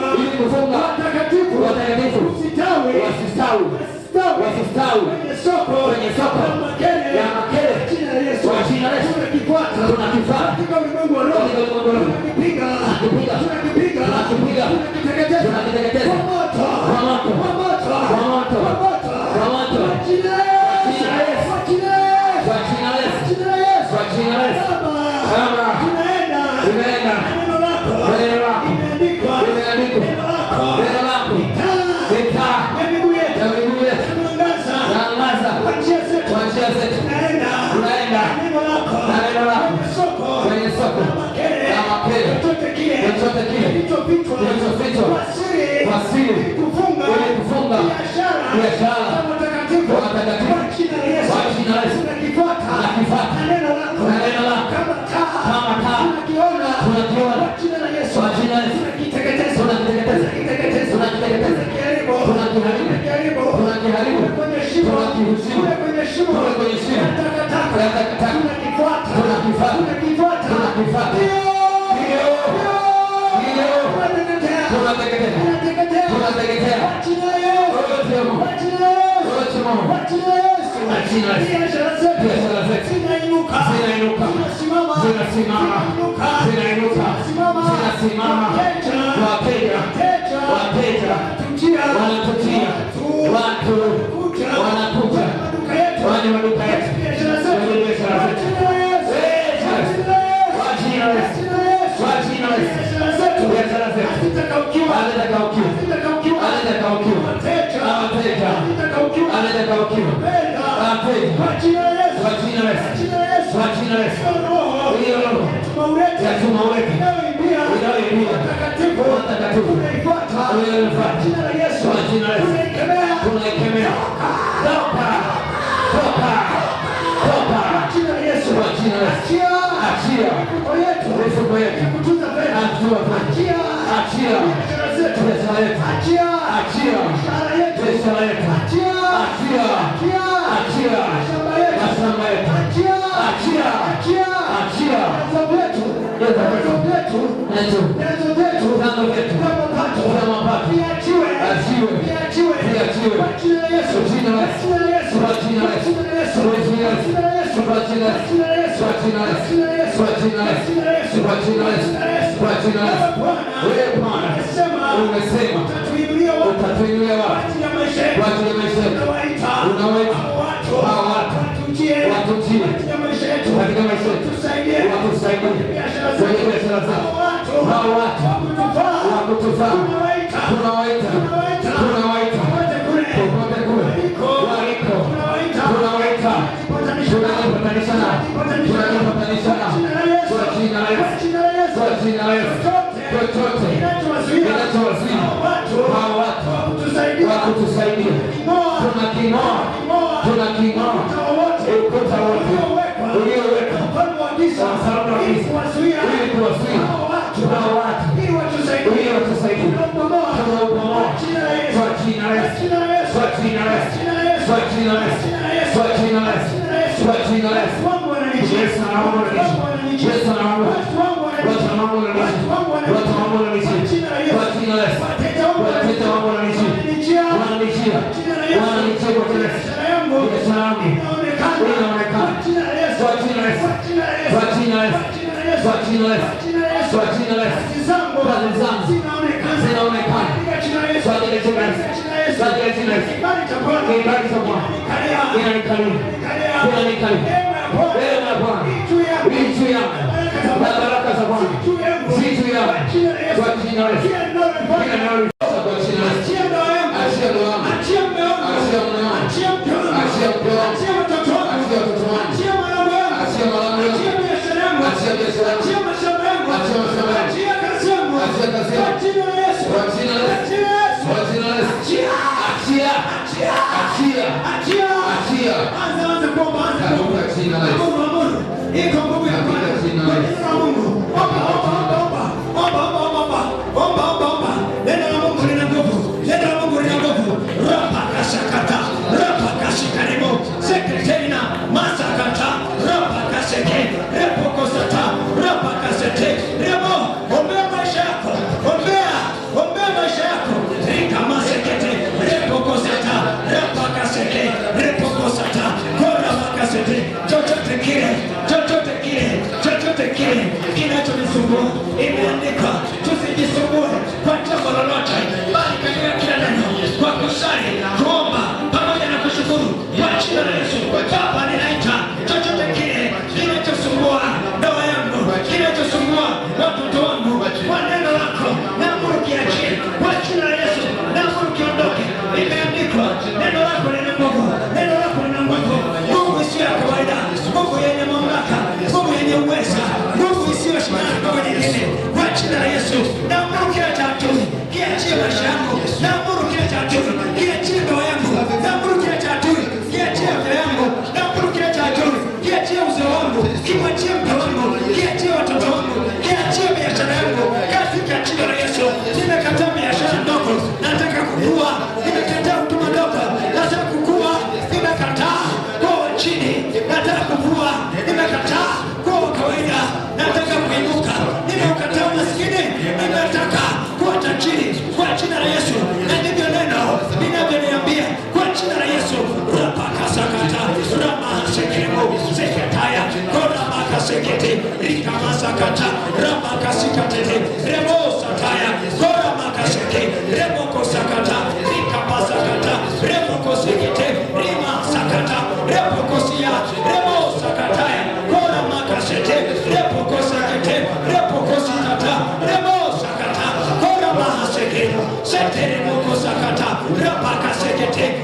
ili kufunga watakatifu kwenye soko kwenye soko biashara watakatifu kwa jina la Yesu tunakifuata neno lako kama taa tunakiona kwa jina la Yesu tunakiteketeza tunakiteketeza tunakiteketeza kiharibu tunakiharibu tunakiharibu kwenye shimo tunakihusimu kwenye shimo kwenye shimo takataka takataka tunakifuata tunakifuata tunakifuata tunakifuata ndio ndio tunateketea tunateketea tunateketea tunateketea kwa jina la Yesu, ili biashara zetu zinainuka, zinainuka, zinasimama, wateja, wateja wanatutia, watu wanakuja kwenye kwa jina kwa jina la Yesu, biashara zetu hazitakaukiwa, hazitakaukiwa, hazitakaukiwa, anatakaokipenda kwa jina la Yesu, kwa jina la Yesu, kwa jina la Yesu, hiyo roho ya tuma uweke inayoimbia watakatifu watakatifu, unaifuata unaifuata jina la Yesu, kwa jina la Yesu, tunaikemea tunaikemea, toka toka toka, kwa jina la Yesu, kwa jina la Yesu, achia achia mifuko yetu, mifuko yetu kutunza fedha, achia achia achia biashara zetu, biashara yetu achia achia Maisha umesema utatuinulia wapi? tunawaita tunawaita popote kule kusaidia. Jesus. Kibali cha Bwana. Kinanikali. Kinanikali. Wewe na Bwana. Juu ya baraka za Bwana. Si juu ya kwa jina la nimekataa biashara ndogo, nataka kukua, nimekataa pakata repakaseketeke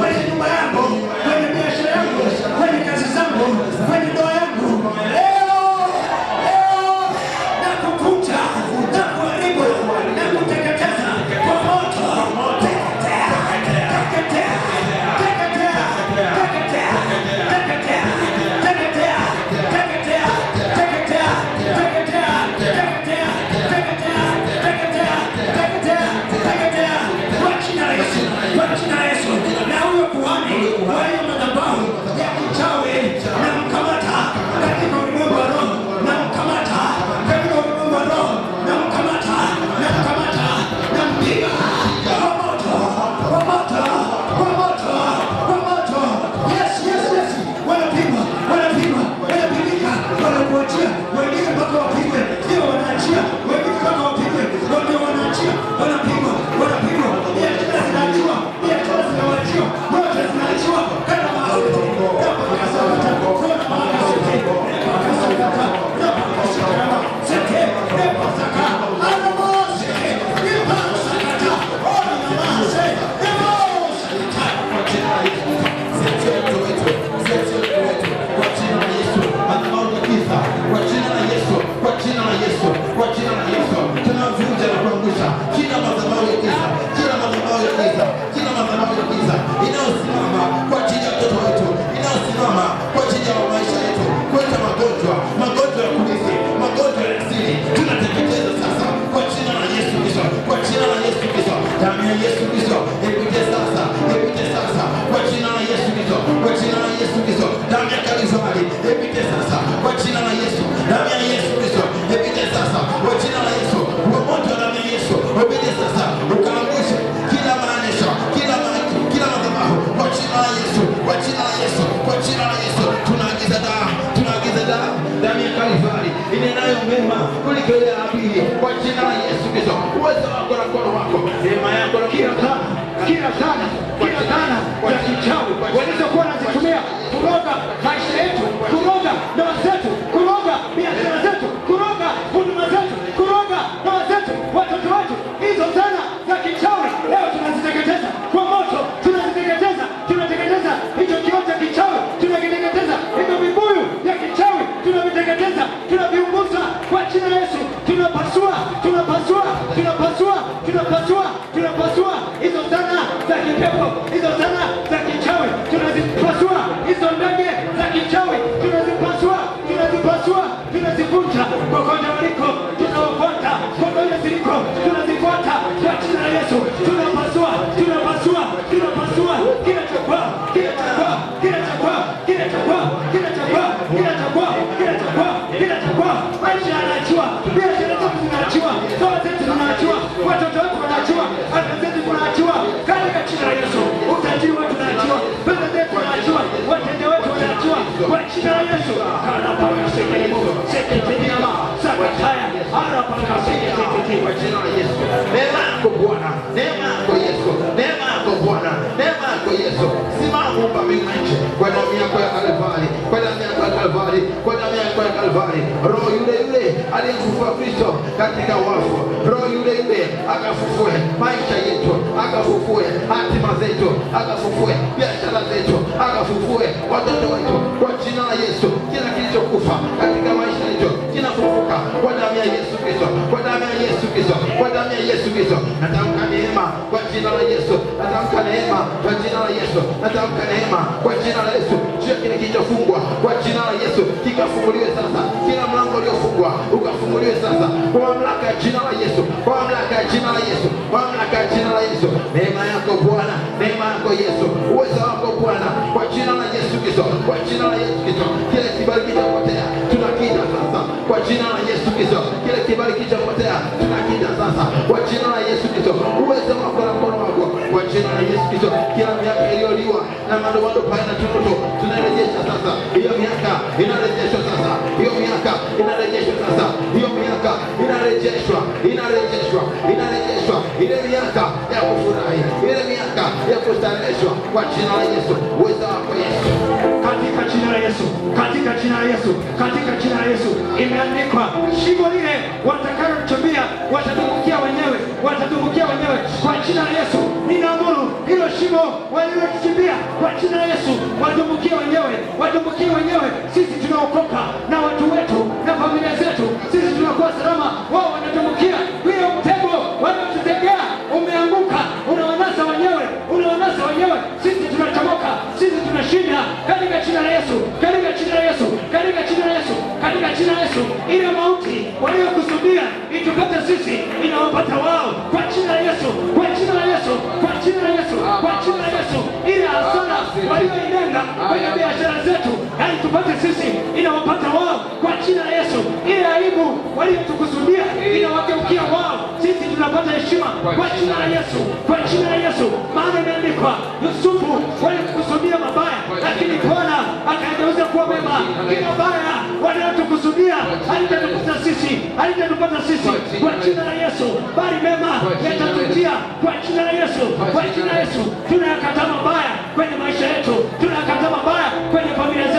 Não, mas Haya, mara pakasia kwa jina la Yesu. Neema yako Bwana, neema katika wafu, roho yule yule akafufue maisha yetu, akafufue hatima zetu, akafufue biashara zetu, akafufue watoto wetu kwa jina la Yesu. Yesu Kristo. Natamka neema kwa jina la Yesu, natamka neema kwa jina la Yesu, natamka neema kwa jina la Yesu juu kile kilichofungwa kwa jina la Yesu kikafunguliwe sasa, kila mlango uliofungwa ukafunguliwe sasa kwa mamlaka ya jina la Yesu, kwa mamlaka ya jina la Yesu, kwa mamlaka ya jina la Yesu. Neema yako Bwana, neema yako Yesu, Uweza wako Bwana, kwa jina la Yesu Kristo, kwa jina la Yesu Kristo, kile kibali kitapotea tunakiita sasa kwa jina la Yesu Kristo, kile kibali kitapotea tunakiita sasa kwa jina la Yesu Kristo. Uweze kufunga mkono wako kwa jina la Yesu Kristo. Kila miaka iliyoliwa na maandamano pale na tumoto tunarejesha sasa, hiyo miaka inarejeshwa sasa, hiyo miaka inarejeshwa sasa, hiyo miaka inarejeshwa, inarejeshwa, inarejeshwa ile miaka ya kufurahi, ile miaka ya kustareheshwa kwa jina la Yesu. Uweza katika jina la Yesu, katika jina la Yesu. Imeandikwa shimo lile watakalochobia watatumbukia wenyewe, watatumbukia wenyewe. Kwa jina la Yesu ninaamuru hilo shimo walilochimbia, kwa jina la Yesu watumbukie wenyewe, watumbukie wenyewe. Sisi tunaokoka na watu wetu na familia zetu, sisi tunakuwa salama, wao wanatumbukia hiyo mtego waliotutegea umeanguka, unawanasa wenyewe, wenyewe. Sisi tunachomoka, sisi tunashinda katika jina la Yesu katika jina la Yesu, katika jina la Yesu, ile mauti waliokusudia itupate sisi inawapata wao kwa jina la Yesu, kwa jina la Yesu, kwa jina la Yesu, kwa jina la Yesu, ile hasara walioinenga kwenye biashara zetu haitupate sisi inawapata wao kwa jina la Yesu, ile aibu waliotukusudia inawageukia wao tunapata heshima kwa jina la Yesu, kwa jina la Yesu, maana imeandikwa Yusufu walikusudia mabaya, lakini Bwana akageuza kuwa mema. Kila baya wanayotukusudia halitatupata sisi, halitatupata sisi kwa jina la Yesu, bali mema yatatujia kwa jina la Yesu, kwa jina la Yesu. Tunayakataa mabaya kwenye maisha yetu, tunayakataa mabaya kwenye familia zetu.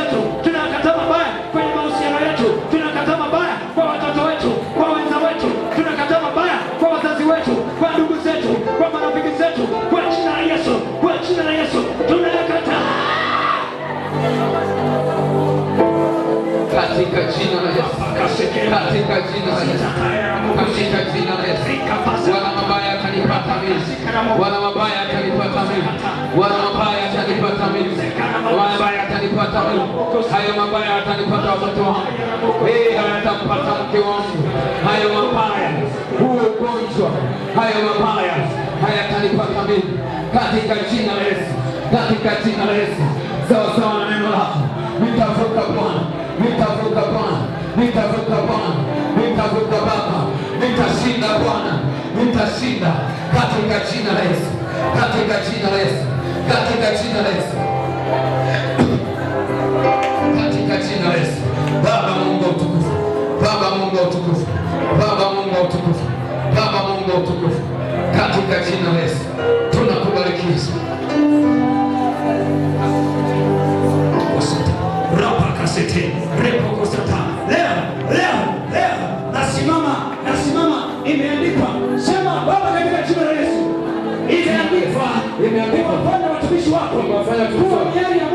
wala mabaya atanipata mimi. Bwana mabaya atanipata mimi. Bwana mabaya atanipata mimi. Hayo mabaya atanipata watoto wangu. Yeye hayatampata mke wangu. Hayo mabaya, huo ugonjwa, hayo mabaya hayatanipata mimi katika jina la Yesu, katika jina la Yesu, sawa sawa na neno lako nitavuka Bwana jina la Yesu, katika jina la Yesu, katika jina la Yesu, katika jina la Yesu. Baba Mungu utukufu, Baba Mungu utukufu, Baba Mungu utukufu, Baba Mungu utukufu, katika jina la Yesu tunakubariki Yesu. Rapa kasete kufanya